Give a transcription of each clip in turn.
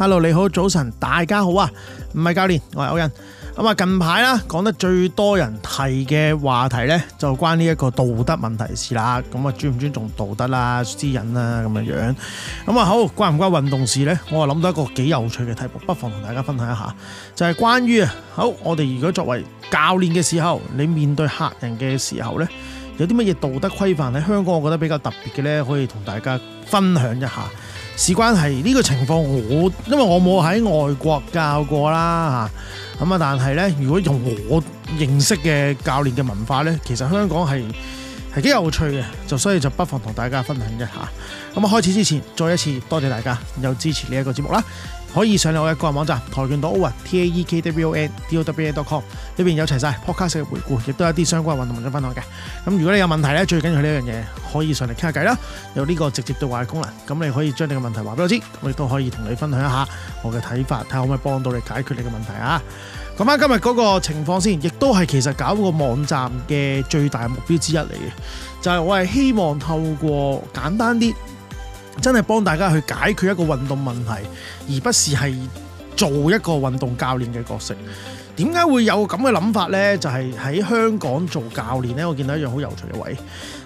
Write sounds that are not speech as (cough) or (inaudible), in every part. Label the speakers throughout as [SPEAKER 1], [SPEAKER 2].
[SPEAKER 1] Hello，你好，早晨，大家好啊！唔係教練，我係歐人。咁啊，近排啦，講得最多人提嘅話題呢，就關呢一個道德問題，事啦。咁啊，尊唔尊重道德啦、私隱啦，咁樣樣。咁啊，好關唔關運動事呢？我又諗到一個幾有趣嘅題目，不妨同大家分享一下，就係、是、關於啊，好，我哋如果作為教練嘅時候，你面對客人嘅時候呢，有啲乜嘢道德規範喺香港？我覺得比較特別嘅呢，可以同大家分享一下。事關係呢個情況，我因為我冇喺外國教過啦吓，咁啊，但係呢，如果用我認識嘅教練嘅文化呢，其實香港係係幾有趣嘅，就所以就不妨同大家分享一下。咁啊，開始之前，再一次多謝大家有支持呢一個節目啦。可以上嚟我嘅個人網站跆拳道 Owen T A E K W O N D O W E N dot com，裏邊有齊晒 podcast 嘅回顧，亦都有一啲相關嘅運動文章分享嘅。咁如果你有問題咧，最緊要係呢樣嘢，可以上嚟傾下偈啦，有呢個直接對話嘅功能。咁你可以將你嘅問題話俾我知，我亦都可以同你分享一下我嘅睇法，睇下可唔可以幫到你解決你嘅問題啊。講翻今日嗰個情況先，亦都係其實搞個網站嘅最大目標之一嚟嘅，就係、是、我係希望透過簡單啲。真係幫大家去解決一個運動問題，而不是係做一個運動教練嘅角色。點解會有咁嘅諗法呢？就係、是、喺香港做教練呢，我見到一樣好有趣嘅位。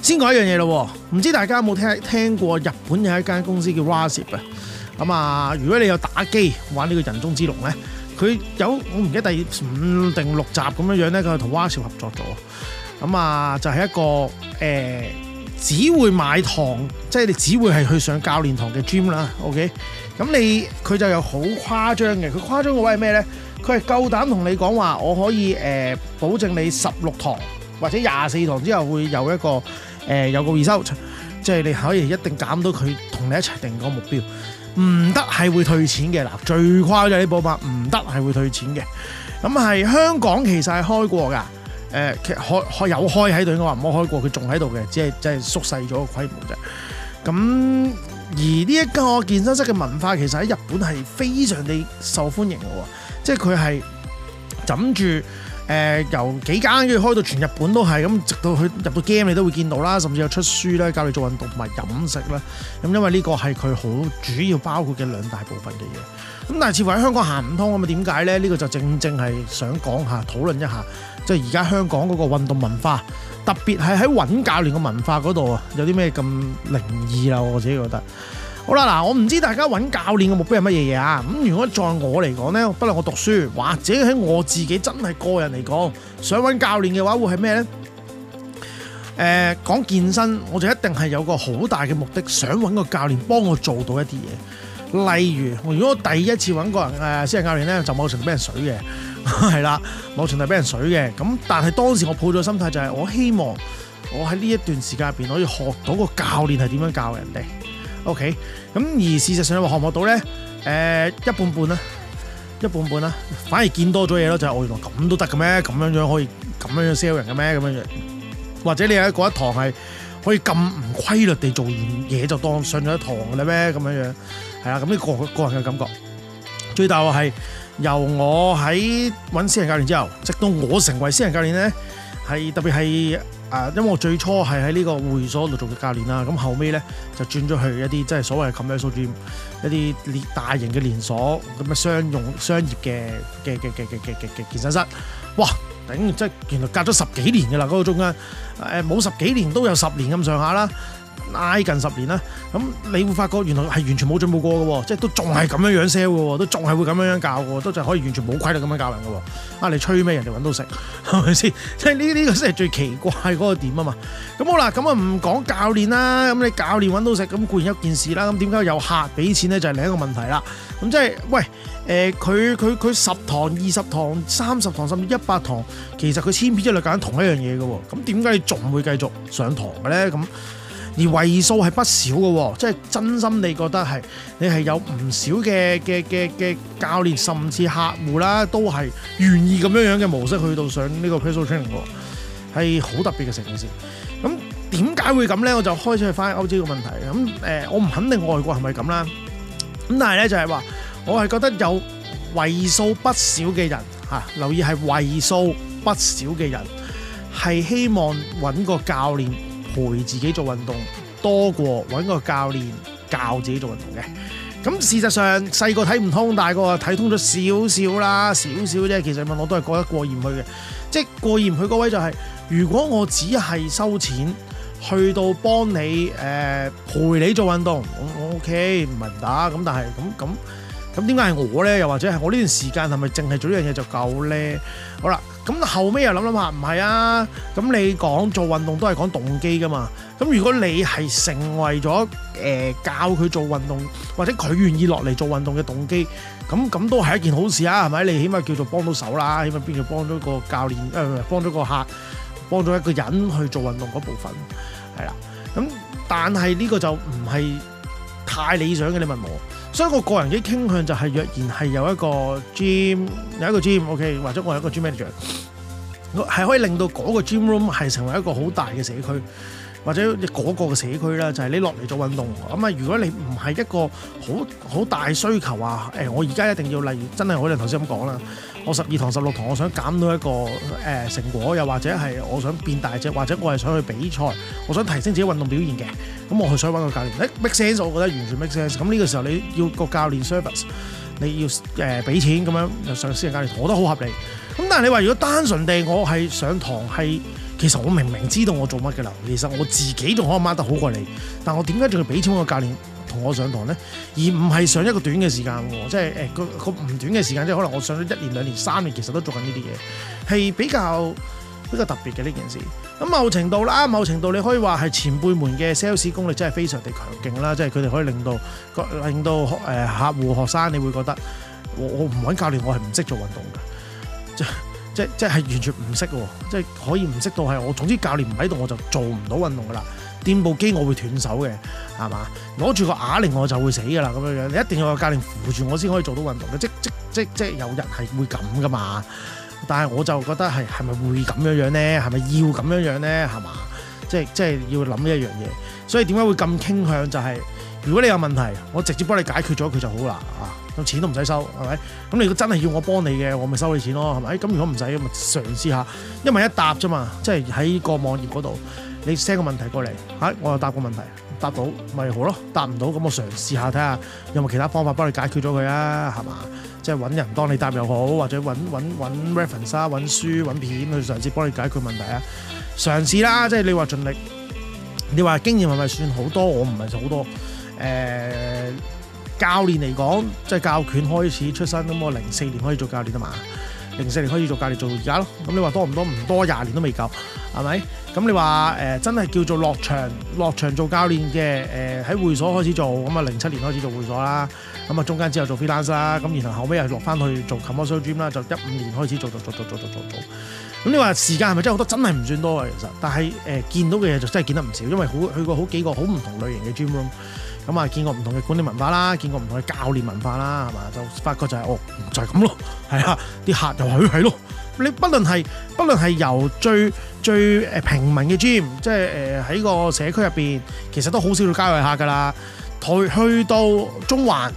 [SPEAKER 1] 先講一樣嘢咯，唔知大家有冇聽聽過日本有一間公司叫 RIZAP 嘅咁啊？如果你有打機玩呢個人中之龍呢，佢有我唔記得第五定六集咁樣樣呢，佢同 RIZAP 合作咗。咁啊，就係、是、一個誒。欸只會買堂，即係你只會係去上教練堂嘅 gym 啦、okay？OK，咁你佢就有好誇張嘅，佢誇張嘅位係咩呢？佢係夠膽同你講話，我可以誒、呃、保證你十六堂或者廿四堂之後會有一個誒、呃、有個 result，即係你可以一定減到，佢同你一齊定個目標，唔得係會退錢嘅。嗱，最誇張呢部分，唔得係會退錢嘅。咁係香港其實係開過㗎。誒，其實開開有開喺度，應該話唔好開過，佢仲喺度嘅，只係即係縮細咗個規模啫。咁而呢一個健身室嘅文化其實喺日本係非常地受歡迎嘅喎，即係佢係諗住誒、呃、由幾間跟住開到全日本都係咁，直到去入到 game 你都會見到啦，甚至有出書啦，教你做運動同埋飲食啦。咁因為呢個係佢好主要包括嘅兩大部分嘅嘢。咁但係似乎喺香港行唔通，咁啊點解咧？呢、呢個就正正係想講下討論一下。即係而家香港嗰個運動文化，特別係喺搵教練嘅文化嗰度啊，有啲咩咁靈異啦？我自己覺得麼麼好啦，嗱，我唔知大家搵教練嘅目標係乜嘢嘢啊？咁如果在我嚟講呢，不論我讀書，或者喺我自己真係個人嚟講，想搵教練嘅話，會係咩呢？誒、呃，講健身，我就一定係有個好大嘅目的，想搵個教練幫我做到一啲嘢。例如，如果我第一次搵個人誒，私人教練呢，就冇成日俾人水嘅。係 (laughs) 啦，某程度俾人水嘅。咁但係當時我抱咗心態就係，我希望我喺呢一段時間入邊可以學到個教練係點樣教人哋。OK，咁而事實上我學唔學到咧，誒、呃，一半半啦，一半半啦，反而見多咗嘢咯，就係、是、我原來咁都得嘅咩？咁樣樣可以咁樣樣 sell 人嘅咩？咁樣樣，或者你喺嗰一堂係可以咁唔規律地做完嘢就當上咗一堂嘅咩？咁樣樣，係啦，咁、那、呢個個人嘅感覺，最大我係。由我喺揾私人教練之後，直到我成為私人教練咧，係特別係誒，因為我最初係喺呢個會所度做嘅教練啦。咁後尾咧就轉咗去一啲即係所謂嘅 commercial gym，一啲連大型嘅連鎖咁嘅商用商業嘅嘅嘅嘅嘅嘅嘅健身室。哇，頂！即係原來隔咗十幾年㗎喇，嗰個中間誒，冇十幾年都有十年咁上下啦。拉近十年啦，咁你會發覺原來係完全冇進步過嘅，即係都仲係咁樣樣 sell 都仲係會咁樣樣教嘅，都就可以完全冇規律咁樣教人嘅。啊，你吹咩？人哋搵到食係咪先？即係呢呢個先係最奇怪嗰個點啊嘛。咁好啦，咁啊唔講教練啦，咁你教練搵到食，咁固然一件事啦。咁點解有客俾錢咧？就係另一個問題啦。咁即係喂誒，佢佢佢十堂、二十堂、三十堂，甚至一百堂，其實佢千篇一律教緊同一樣嘢嘅。咁點解你仲會繼續上堂嘅咧？咁？而為數係不少嘅，即係真心你覺得係你係有唔少嘅嘅嘅嘅教練，甚至客戶啦，都係願意咁樣樣嘅模式去到上呢個 personal training 嘅，係好特別嘅成件事。咁點解會咁咧？我就開出去翻歐洲嘅問題。咁誒、呃，我唔肯定外國係咪咁啦。咁但係咧就係話，我係覺得有為數不少嘅人嚇、啊，留意係為數不少嘅人係希望揾個教練。陪自己做運動多過揾個教練教自己做運動嘅。咁事實上細個睇唔通，大個睇通咗少少啦，少少啫。其實問我都係覺得過意唔去嘅，即係過意唔去嗰位就係、是，如果我只係收錢去到幫你誒、呃、陪你做運動，我 OK 唔係唔打咁，但係咁咁咁點解係我咧？又或者係我呢段時間係咪淨係做呢樣嘢就夠咧？好啦。咁後尾又諗諗下，唔係啊！咁你講做運動都係講動機噶嘛？咁如果你係成為咗、呃、教佢做運動，或者佢願意落嚟做運動嘅動機，咁咁都係一件好事啊？係咪？你起碼叫做幫到手啦，起碼變成幫咗個教練，誒、呃，幫咗個客，幫咗一個人去做運動嗰部分，係啦。咁但係呢個就唔係太理想嘅，你問我。所以我個人嘅傾向就係，若然係有一個 gym 有一個 gym，OK，okay，或者我有一個 gym manager，係可以令到嗰個 gym room 係成為一個好大嘅社區，或者嗰個嘅社區啦，就係你落嚟做運動。咁啊，如果你唔係一個好好大需求啊，誒，我而家一定要，例如真係好似頭先咁講啦。我十二堂十六堂，我想減到一個成果，又或者係我想變大隻，或者我係想去比賽，我想提升自己運動表現嘅，咁我去想揾個教練、欸、make sense，我覺得完全 make sense。咁呢個時候你要個教練 service，你要誒俾、呃、錢咁樣，上私人教練，我覺得好合理。咁但係你話如果單純地我係上堂係，其實我明明知道我做乜嘅啦，其實我自己仲可以 mark 得好過你，但我點解仲要俾錢我個教練？我上堂咧，而唔係上一個短嘅時間喎，即係誒個唔短嘅時間，即係可能我上咗一年、兩年、三年，其實都做緊呢啲嘢，係比較比較特別嘅呢件事。咁、啊、某程度啦，某程度你可以話係前輩們嘅 sales 功力真係非常地強勁啦，即係佢哋可以令到個令到誒、呃、客戶學生，你會覺得我唔揾教練，我係唔識做運動嘅，即即即係完全唔識喎，即係可以唔識到係我。總之教練唔喺度，我就做唔到運動噶啦。掂部機我會斷手嘅，係嘛？攞住個啞鈴我就會死㗎啦，咁樣樣你一定要有教練扶住我先可以做到運動嘅，即即即即有人係會咁噶嘛？但係我就覺得係係咪會咁樣樣咧？係咪要咁樣樣咧？係嘛？即即要諗呢一樣嘢，所以點解會咁傾向就係如果你有問題，我直接幫你解決咗佢就好啦啊！咁錢都唔使收，係咪？咁你如果真係要我幫你嘅，我咪收你錢咯，係咪？咁如果唔使咁，咪嘗試一下因為一搭啫嘛，即係喺個網頁嗰度。你 send 個問題過嚟，嚇，我又答個問題，答到咪好咯？答唔到咁我嘗試下睇下，有冇其他方法幫你解決咗佢啊？係嘛？即係揾人幫你答又好，或者揾揾揾 reference 啊，揾書、揾片去嘗試幫你解決問題啊！嘗試啦，即係你話盡力，你話經驗係咪算好多？我唔係好多。誒，教練嚟講，即係教拳開始出身，咁我零四年可以做教練吖嘛？零四年開始做教練，做到而家咯。咁你話多唔多？唔多，廿年都未夠，係咪？咁你話誒、呃、真係叫做落場落場做教練嘅誒，喺會所開始做咁啊，零七年開始做會所啦。咁啊，中間之後做 freelance 啦。咁然後後尾又落翻去做 commercial gym 啦，就一五年開始做做做做做做做。咁你話時間係咪真係好多？真係唔算多啊。其實，但係誒、呃、見到嘅嘢就真係見得唔少，因為好去過好幾個好唔同類型嘅 gym room。咁啊，見過唔同嘅管理文化啦，見過唔同嘅教練文化啦，係嘛？就發覺就係、是、哦，就係咁咯，係啊！啲客又話，係咯、啊，你不論係不論係由最最誒平民嘅 gym，即係誒喺個社區入邊，其實都好少到街維客㗎啦。退去到中環誒、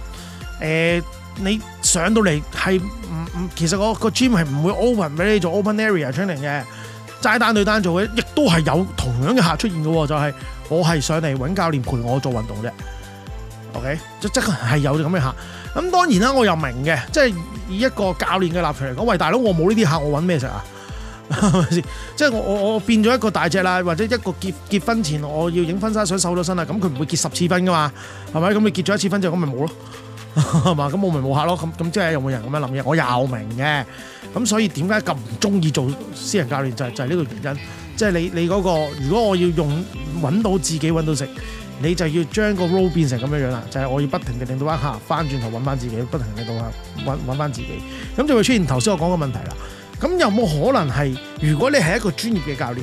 [SPEAKER 1] 呃，你上到嚟係唔唔，其實我個 gym 係唔會 open 俾你做 open area training 嘅，齋單對單做嘅，亦都係有同樣嘅客出現嘅，就係、是、我係上嚟揾教練陪我做運動啫。OK，即即係有啲咁嘅客，咁當然啦，我又明嘅，即係以一個教練嘅立場嚟講，喂大佬，我冇呢啲客，我揾咩食啊？咪 (laughs) 先？即係我我我變咗一個大隻啦，或者一個結結婚前我要影婚紗相瘦咗身啦，咁佢唔會結十次婚噶嘛？係咪？咁你結咗一次婚之後，咁咪冇咯？係 (laughs) 嘛？咁我咪冇客咯？咁咁即係有冇人咁樣諗嘢？我又明嘅，咁所以點解咁唔中意做私人教練就係就係呢個原因。即係你你嗰個，如果我要用搵到自己搵到食，你就要將個 role 變成咁樣樣啦，就係我要不停嘅令到個客翻轉頭搵翻自己，不停地令到個客搵搵翻自己，咁就會出現頭先我講嘅問題啦。咁有冇可能係，如果你係一個專業嘅教練，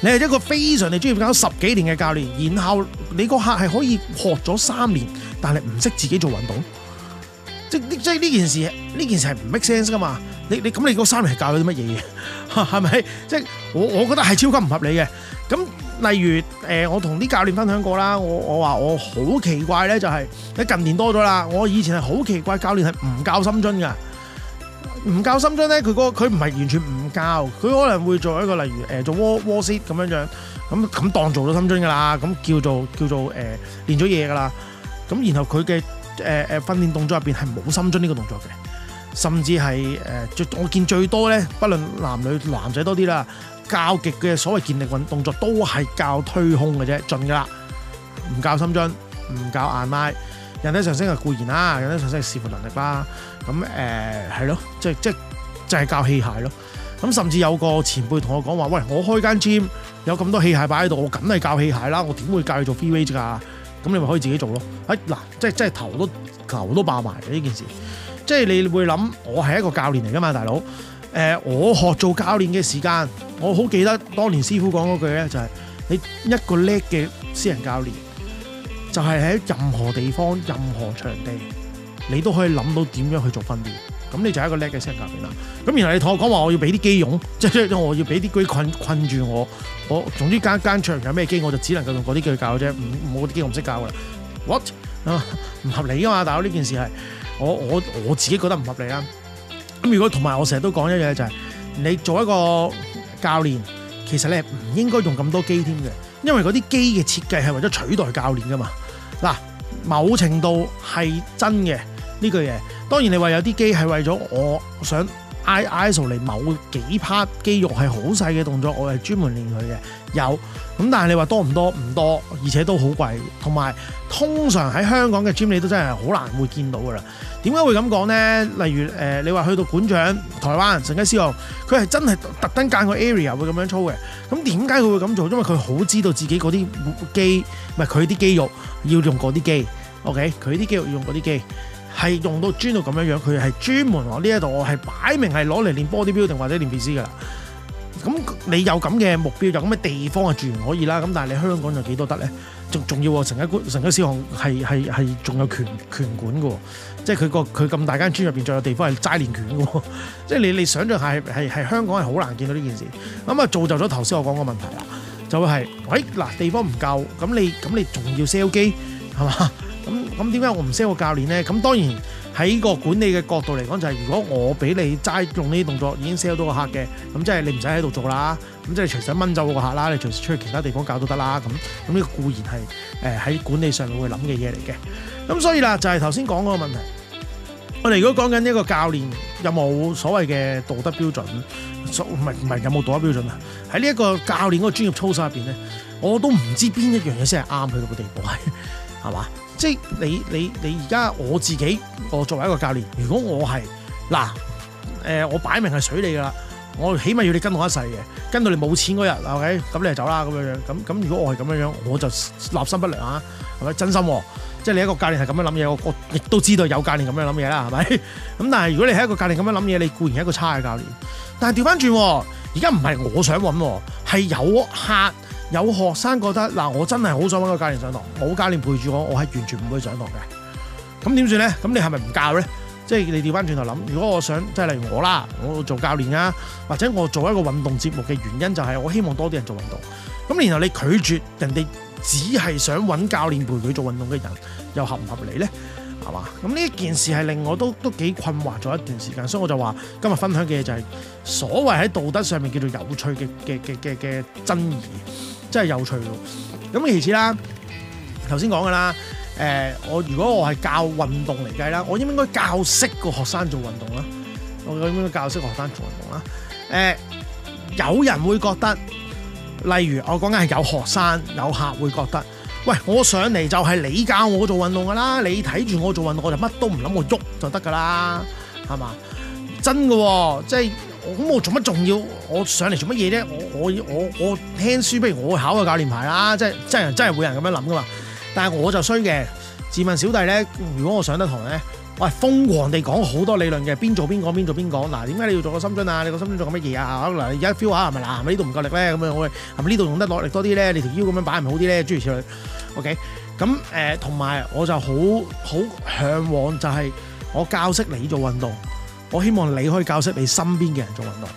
[SPEAKER 1] 你係一個非常地專業教咗十幾年嘅教練，然後你個客係可以學咗三年，但係唔識自己做運動？即係呢件事，呢件事係唔 make sense 噶嘛？你，你咁你嗰三年教咗啲乜嘢？係 (laughs) 咪？即係我我覺得係超級唔合理嘅。咁例如誒、呃，我同啲教練分享過啦。我我話我好奇怪咧，就係、是、喺近年多咗啦。我以前係好奇怪，教練係唔教深蹲噶，唔教深蹲咧，佢嗰佢唔係完全唔教，佢可能會做一個例如誒、呃、做 wall wall sit 咁樣樣，咁咁當做咗深蹲噶啦，咁叫做叫做誒練咗嘢噶啦，咁、呃、然後佢嘅。誒、呃、誒，訓練動作入邊係冇深蹲呢個動作嘅，甚至係誒最我見最多咧，不論男女，男仔多啲啦，教極嘅所謂健力運動作都係教推胸嘅啫，盡噶啦，唔教深蹲，唔教硬拉，人體上升係固然啦，人體上升係視乎能力啦，咁誒係咯，即、呃、即就係、即就係、教器械咯，咁甚至有個前輩同我講話，喂，我開間 gym 有咁多器械擺喺度，我梗係教器械啦，我點會教你做 free weight 噶？咁你咪可以自己做咯，喺、哎、嗱，即係頭係頭都頭都爆埋嘅呢件事，即係你會諗，我係一個教練嚟㗎嘛，大佬，誒、呃，我學做教練嘅時間，我好記得當年師傅講嗰句咧，就係、是、你一個叻嘅私人教練，就係、是、喺任何地方、任何場地，你都可以諗到點樣去做訓練。咁你就係一個叻嘅師教練啦。咁然後你同我講話，我要俾啲機用，即係即係，我要俾啲機困困住我。我總之間間場有咩機，我就只能夠用嗰啲機教啫。唔，好啲機我唔識教嘅。What 啊？唔合理噶嘛，大佬呢件事係我我我自己覺得唔合理啦。咁如果同埋我成日都講一樣嘢就係，你做一個教練，其實你唔應該用咁多機添嘅，因為嗰啲機嘅設計係為咗取代教練噶嘛。嗱，某程度係真嘅。呢句嘢，當然你話有啲機係為咗我想挨 iso 嚟某幾 part 肌肉係好細嘅動作，我係專門練佢嘅有咁。但係你話多唔多？唔多，而且都好貴。同埋通常喺香港嘅 gym 你都真係好難會見到噶啦。點解會咁講呢？例如誒、呃，你話去到館長台灣成吉思汗，佢係真係特登揀個 area 會咁樣操嘅。咁點解佢會咁做？因為佢好知道自己嗰啲肌唔係佢啲肌肉要用嗰啲機。OK，佢啲肌肉要用嗰啲機。係用到專到咁樣樣，佢係專門我呢一度，我係擺明係攞嚟練 bodybuilding 或者練 bikis 噶啦。咁你有咁嘅目標，有咁嘅地方係自然可以啦。咁但係你香港就幾多得咧？仲仲要成間成間小行係係係仲有拳拳館嘅，即係佢個佢咁大間村入邊仲有地方係齋練拳嘅，即係你你想象下係係香港係好難見到呢件事。咁啊造就咗頭先我講個問題啦，就係喂嗱地方唔夠，咁你咁你仲要 sell 機係嘛？咁點解我唔 sell 個教練咧？咁當然喺個管理嘅角度嚟講，就係如果我俾你齋用呢啲動作已經 sell 到個客嘅，咁即係你唔使喺度做啦。咁即係隨時掹走個客啦，你隨時出去其他地方教都得啦。咁咁呢個固然係誒喺管理上面會諗嘅嘢嚟嘅。咁所以啦，就係頭先講嗰個問題。我哋如果講緊呢一個教練有冇所謂嘅道德標準，唔係唔係有冇道德標準啊？喺呢一個教練嗰個專業操守入邊咧，我都唔知邊一樣嘢先係啱去到個地步。係嘛？即係你你你而家我自己，我作為一個教練，如果我係嗱，誒、呃、我擺明係水你噶啦，我起碼要你跟我一世嘅，跟到你冇錢嗰日，ok？咁你就走啦咁樣樣，咁咁如果我係咁樣樣，我就立心不良啊，係咪真心？即係你一個教練係咁樣諗嘢，我我亦都知道有教練咁樣諗嘢啦，係咪？咁但係如果你係一個教練咁樣諗嘢，你固然係一個差嘅教練。但係調翻轉，而家唔係我想搵，係有客。有學生覺得嗱、啊，我真係好想揾個教練上堂，冇教練陪住我，我係完全唔會上堂嘅。咁點算呢？咁你係咪唔教呢？即係你調翻轉頭諗，如果我想即係例如我啦，我做教練啊，或者我做一個運動節目嘅原因就係我希望多啲人做運動。咁然後你拒絕人哋只係想揾教練陪佢做運動嘅人，又合唔合理呢？係嘛？咁呢件事係令我都都幾困惑咗一段時間，所以我就話今日分享嘅嘢就係所謂喺道德上面叫做有趣嘅嘅嘅嘅嘅爭議。真係有趣咯！咁其次啦，頭先講嘅啦，誒，我如果我係教運動嚟計啦，我應唔應該教識個學生做運動啦？我應唔應該教識學生做運動啦？誒、呃，有人會覺得，例如我講緊係有學生有客會覺得，喂，我上嚟就係你教我做運動嘅啦，你睇住我做運動我就乜都唔諗，我喐就得嘅啦，係嘛？真嘅喎、哦，即係。咁我做乜仲要我上嚟做乜嘢咧？我我我我聽書不如我考個教練牌啦！即係真係真係會有人咁樣諗噶嘛？但係我就衰嘅。自問小弟咧，如果我上得堂咧，我係瘋狂地講好多理論嘅，邊做邊講，邊做邊講。嗱，點解你要做個深蹲啊？你個深蹲做緊乜嘢啊？嗱，而家 feel 下係咪？嗱，呢度唔夠力咧，咁樣我係咪呢度用得落力多啲咧？你條腰咁樣擺咪好啲咧？諸如此類。OK，咁誒同埋我就好好向往就係我教識你做運動。我希望你可以教識你身邊嘅人做運動。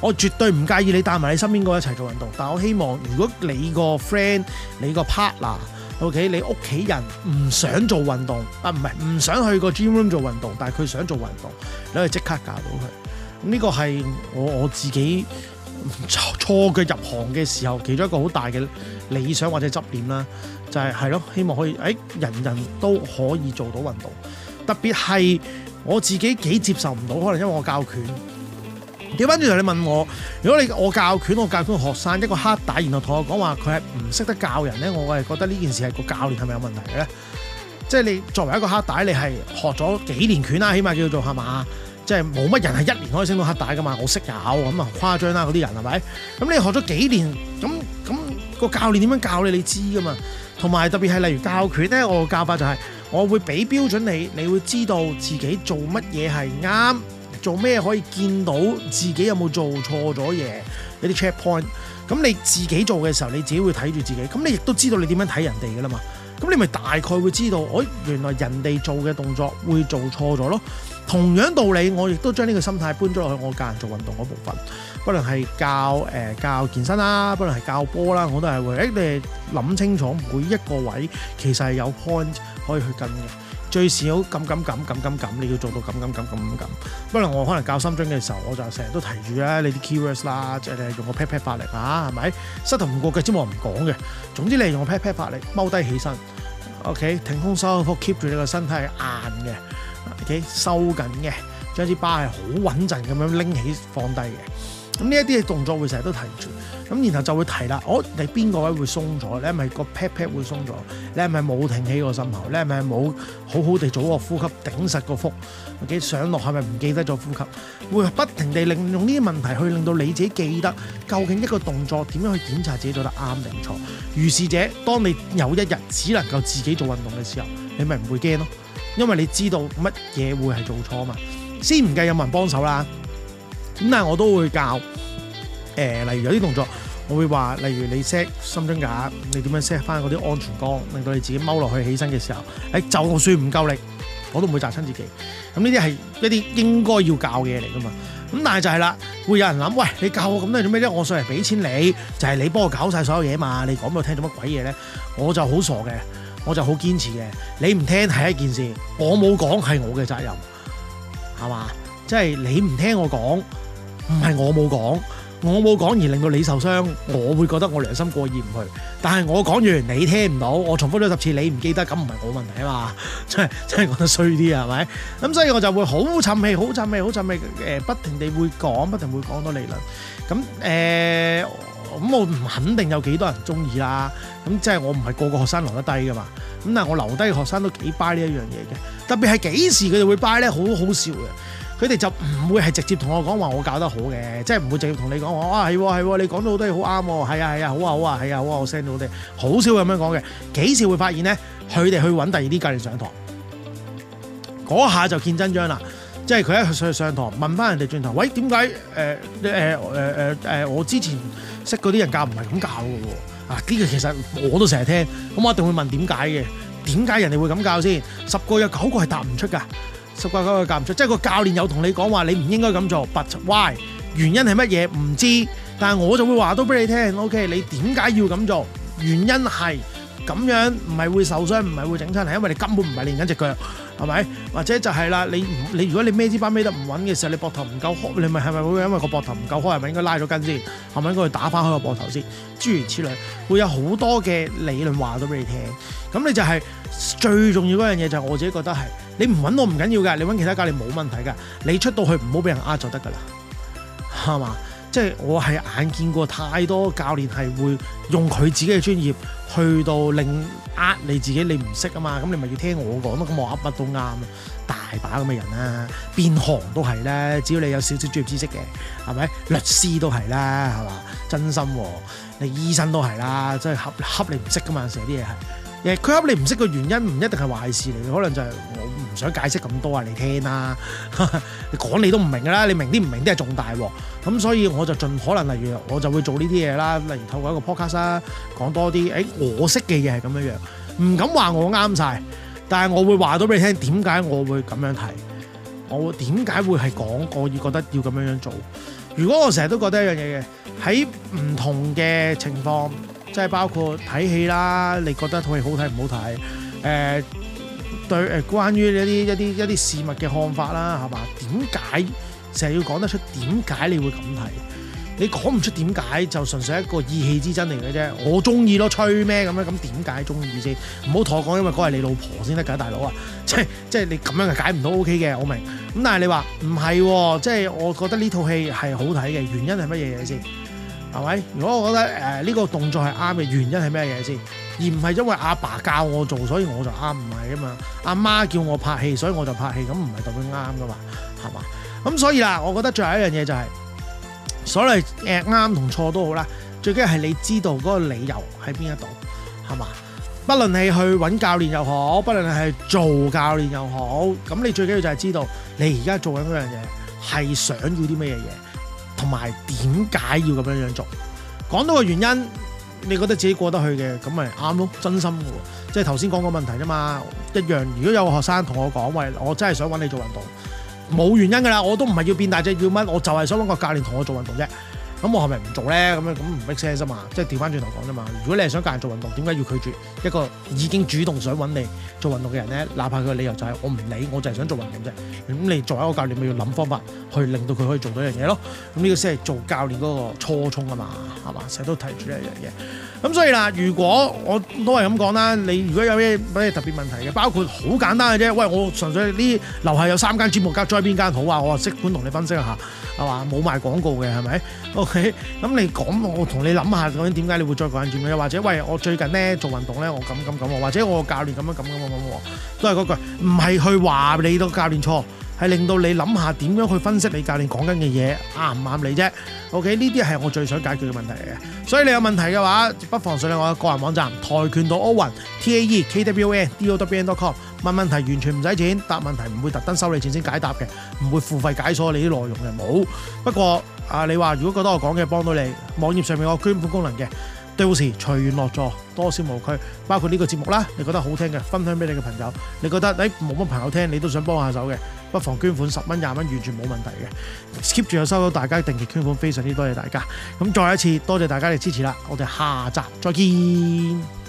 [SPEAKER 1] 我絕對唔介意你帶埋你身邊嗰一齊做運動。但我希望如果你個 friend、你個 partner、OK，你屋企人唔想做運動啊，唔係唔想去個 gym room 做運動，但係佢想做運動，你可以即刻教到佢。呢個係我我自己錯腳入行嘅時候，其中一個好大嘅理想或者執念啦，就係係咯，希望可以誒、哎、人人都可以做到運動，特別係。我自己幾接受唔到，可能因為我教拳。調翻轉頭，你問我，如果你我教拳，我教拳學生一個黑帶，然後同我講話佢係唔識得教人咧，我係覺得呢件事係個教練係咪有問題嘅咧？即係你作為一個黑帶，你係學咗幾年拳啦，起碼叫做係嘛？即係冇乜人係一年可以升到黑帶噶嘛？我識搞，咁啊，誇張啦嗰啲人係咪？咁你學咗幾年，咁咁個教練點樣教你？你知噶嘛？同埋特別係例如教拳咧，我教法就係。我會俾標準你，你會知道自己做乜嘢係啱，做咩可以見到自己有冇做錯咗嘢，有啲 check point。咁你自己做嘅時候，你自己會睇住自己。咁你亦都知道你點樣睇人哋㗎喇嘛。咁你咪大概會知道，哎，原來人哋做嘅動作會做錯咗咯。同樣道理，我亦都將呢個心態搬咗落去我教人做運動嗰部分，不論係教誒、呃、教健身啦，不論係教波啦，我都係會誒你諗清楚每一個位其實係有 point。可以去跟嘅，最少咁咁咁咁咁咁，你要做到咁咁咁咁咁。不過我可能教深蹲嘅時候，我就成日都提住咧，你啲 keywords 啦，即係用個 pat pat 發力啊，係咪？膝頭唔過腳，先我唔講嘅。總之你係用個 pat pat 發力踎低起身，OK，挺胸收腹，keep 住你個身體硬嘅，OK，收緊嘅，將支 bar 係好穩陣咁樣拎起放低嘅。咁呢一啲嘅動作會成日都提住。咁然後就會提啦，我、哦、你邊個位會鬆咗？你係咪個 pat pat 會鬆咗？你係咪冇挺起個心口？你係咪冇好好地做個呼吸，頂實個腹？OK，上落係咪唔記得咗呼吸？會不停地令用呢啲問題去令到你自己記得究竟一個動作點樣去檢查自己做得啱定錯？如是者，當你有一日只能夠自己做運動嘅時候，你咪唔會驚咯，因為你知道乜嘢會係做錯啊嘛。先唔計有冇人幫手啦，咁但係我都會教。誒、呃，例如有啲動作，我會話，例如你 set 深蹲架，你點樣 set 翻嗰啲安全桿，令到你自己踎落去起身嘅時候，喺就算唔夠力，我都唔會砸親自己。咁呢啲係一啲應該要教嘅嘢嚟噶嘛。咁但係就係啦，會有人諗，喂，你教我咁多做咩啫？我上嚟俾錢你，就係、是、你幫我搞晒所有嘢嘛。你講我聽做乜鬼嘢咧？我就好傻嘅，我就好堅持嘅。你唔聽係一件事，我冇講係我嘅責任，係嘛？即、就、係、是、你唔聽我講，唔係我冇講。我冇講而令到你受傷，我會覺得我良心過意唔去。但係我講完你聽唔到，我重複咗十次你唔記得，咁唔係我問題啊嘛！ (laughs) 真係真係講得衰啲啊，係咪？咁所以我就會好沉氣，好沉氣，好沉氣，誒，不停地會講，不停會講到理論。咁誒，咁、呃、我唔肯定有幾多人鍾意啦。咁即係我唔係個個學生留得低㗎嘛。咁但係我留低嘅學生都幾 buy 呢一樣嘢嘅，特別係幾時佢哋會 buy 咧，好好笑嘅。佢哋就唔會係直接同我講話我教得好嘅，即係唔會直接同你講話，哇，係係、啊啊啊，你講到都係好啱，係啊係啊，好啊，啊好啊，係啊好啊，我 send 到好你，好少咁樣講嘅。幾時會發現咧？佢哋去搵第二啲教練上堂，嗰下就見真章啦。即係佢一上上堂問翻人哋轉頭，喂，點解誒誒誒誒誒我之前識嗰啲人教唔係咁教嘅喎？啊，呢個其實我都成日聽，咁我一定會問點解嘅？點解人哋會咁教先？十個有九個係答唔出㗎。十掛九個教唔出，即係個教練有同你講話，你唔應該咁做。But why？原因係乜嘢？唔知。但係我就會話都俾你聽。OK，你點解要咁做？原因係咁樣唔係會受傷，唔係會整親，係因為你根本唔係練緊隻腳，係咪？或者就係啦，你你如果你孭支板孭得唔穩嘅時候，你膊頭唔夠開，你咪係咪會因為個膊頭唔夠開，係咪應該拉咗筋先？係咪應該去打翻開個膊頭先？諸如此類，會有好多嘅理論話都俾你聽。咁你就係最重要嗰樣嘢，就係我自己覺得係。你唔揾我唔緊要㗎，你揾其他教練冇問題㗎。你出到去唔好俾人呃就得㗎啦，係嘛？即係我係眼見過太多教練係會用佢自己嘅專業去到令呃你自己，你唔識啊嘛。咁你咪要聽我講咯，咁我呃乜都啱。大把咁嘅人啦，啊，邊行都係啦。只要你有少少專業知識嘅，係咪？律師都係啦，係嘛？真心你醫生都係啦，真係恰恰你唔識噶嘛，有時啲嘢係。佢噏你唔識嘅原因，唔一定係壞事嚟，可能就係我唔想解釋咁多啊，你聽啦。你講你都唔明㗎啦，你明啲唔明啲係重大喎。咁所以我就盡可能，例如我就會做呢啲嘢啦，例如透過一個 podcast 啦，講多啲，誒我識嘅嘢係咁樣樣，唔敢話我啱晒。但係我會話到俾你聽點解我會咁樣睇，我會點解會係講我要覺得要咁樣樣做。如果我成日都覺得一樣嘢嘅，喺唔同嘅情況。即係包括睇戲啦，你覺得套戲好睇唔好睇？誒、呃、對誒、呃，關於一啲一啲一啲事物嘅看法啦，係嘛？點解成日要講得出？點解你會咁睇？你講唔出點解就純粹一個意氣之爭嚟嘅啫。我中意咯，吹咩咁樣？咁點解中意先？唔好同我講，因為嗰係你老婆先得㗎，大佬啊！即即係你咁樣係解唔到 OK 嘅，我明。咁但係你話唔係，即係、哦就是、我覺得呢套戲係好睇嘅，原因係乜嘢嘢先？係咪？如果我覺得誒呢、呃這個動作係啱嘅，原因係咩嘢先？而唔係因為阿爸，爸教我做，所以我就啱，唔係吖嘛。阿媽叫我拍戲，所以我就拍戲，咁唔係特別啱噶嘛，係嘛？咁所以啦，我覺得最後一樣嘢就係、是，所謂誒啱同錯都好啦，最緊係你知道嗰個理由喺邊一度，係嘛？不論你去搵教練又好，不論你係做教練又好，咁你最緊要就係知道你而家做緊嗰樣嘢係想要啲咩嘢嘢。同埋點解要咁樣樣做？講到個原因，你覺得自己過得去嘅，咁咪啱咯，真心嘅。即係頭先講個問題啫嘛，一樣。如果有個學生同我講，喂，我真係想搵你做運動，冇原因㗎啦，我都唔係要變大隻，要乜，我就係想搵個教練同我做運動啫。咁我係咪唔做咧？咁樣咁唔 make sense 啫嘛，即係調翻轉頭講啫嘛。如果你係想教人做運動，點解要拒絕一個已經主動想揾你做運動嘅人咧？哪怕佢個理由就係我唔理，我就係想做運動啫。咁你作為一個教練，咪要諗方法去令到佢可以做到一樣嘢咯。咁呢個先係做教練嗰個初衷啊嘛，係嘛？成日都提住一樣嘢。咁所以嗱，如果我都係咁講啦，你如果有咩咩特別問題嘅，包括好簡單嘅啫。喂，我純粹呢樓下有三間專門教，邊間好啊？我即管同你分析一下，係嘛？冇賣廣告嘅係咪？咁、okay? 你講我同你諗下究竟點解你會再揀轉咧？或者喂，我最近咧做運動咧，我咁咁咁喎，或者我教練咁樣咁咁咁喎，都係嗰句，唔係去話你個教練錯，係令到你諗下點樣去分析你教練講緊嘅嘢啱唔啱你啫。OK，呢啲係我最想解決嘅問題嚟嘅。所以你有問題嘅話，不妨上我嘅個人網站跆拳道奧運 TAEKWONDOWEN.com 問問題，完全唔使錢，答問題唔會特登收你錢先解答嘅，唔會付費解鎖你啲內容嘅冇。不過啊！你話如果覺得我講嘅幫到你，網頁上面有捐款功能嘅，到時隨緣落座，多少無區，包括呢個節目啦，你覺得好聽嘅分享俾你嘅朋友，你覺得誒冇乜朋友聽，你都想幫我一下手嘅，不妨捐款十蚊廿蚊，完全冇問題嘅，keep 住有收到大家定期捐款，非常之多嘅大家，咁再一次多謝大家嘅支持啦，我哋下集再見。